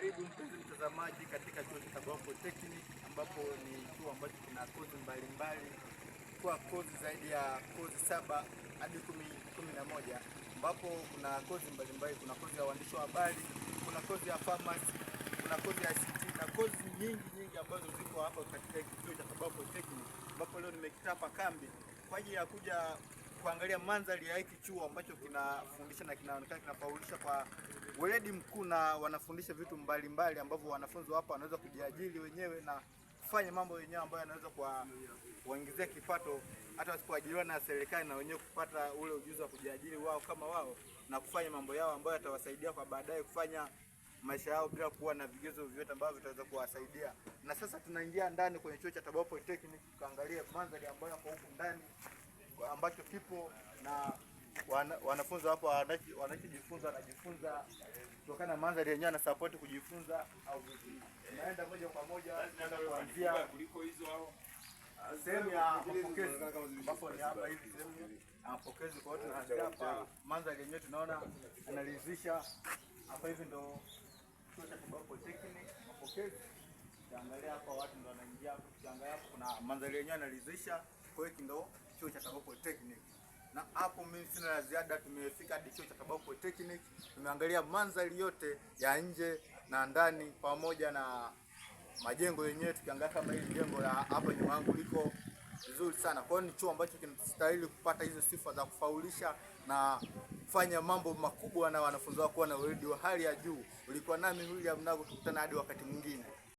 Karibu mpenzi mtazamaji katika chuo cha Kagongo Technic ambapo ni chuo ambacho kina kozi mbalimbali kwa kozi zaidi ya kozi saba hadi kumi na moja ambapo kuna kozi mbalimbali. Kuna kozi ya uandishi wa habari, kuna kozi ya pharmacy, kuna kozi ya ICT na kozi nyingi nyingi ambazo ziko hapa katika chuo cha Kagongo Technic, ambapo leo nimekitapa kambi kwa ajili ya kuja kuangalia mandhari ya hiki chuo ambacho kinafundisha na kinaonekana kinafaulisha kwa weledi mkuu, na wanafundisha vitu mbalimbali ambavyo wanafunzi hapa wanaweza kujiajiri wenyewe na kufanya mambo yenyewe ambayo yanaweza kuwaingizia kipato, hata wasipoajiriwa na serikali, na wenyewe kupata ule ujuzi wa kujiajiri wao kama wao na kufanya mambo yao ambayo yatawasaidia kwa baadaye kufanya maisha yao bila kuwa na vigezo vyote ambavyo vitaweza kuwasaidia. Na sasa tunaingia ndani kwenye chuo cha Tabora Polytechnic tukaangalia mandhari ambayo yako huku ndani ambacho kipo na wanafunzi wapo wanachojifunza wanajifunza eh, kutokana na mandhari yenyewe na support kujifunza au vipi? Naenda moja kwa moja kuanzia kuliko hizo hao sehemu ya mapokezi ambapo ni hapa hivi sehemu ya mapokezi. Kwa watu. tunaanzia hapa, mandhari yenyewe tunaona analizisha hapa hivi, ndo chuo cha Kibaha mapokezi Ukiangalia hapa watu ndio wanaingia hapo, ukiangalia hapo kuna mandhari yenyewe yanaridhisha. Kwa hiyo ndio chuo cha Tabora Polytechnic. Na hapo mimi sina la ziada, tumefika hadi chuo cha Tabora Polytechnic, tumeangalia mandhari yote ya nje na ndani pamoja na majengo yenyewe. Tukiangalia kama hili jengo la hapa nyuma yangu liko vizuri sana. Kwa hiyo ni chuo ambacho kinastahili kupata hizo sifa za kufaulisha na fanya mambo makubwa na wanafunzi wako na weledi wa hali ya juu. Ulikuwa nami William Nago, tukutana hadi wakati mwingine.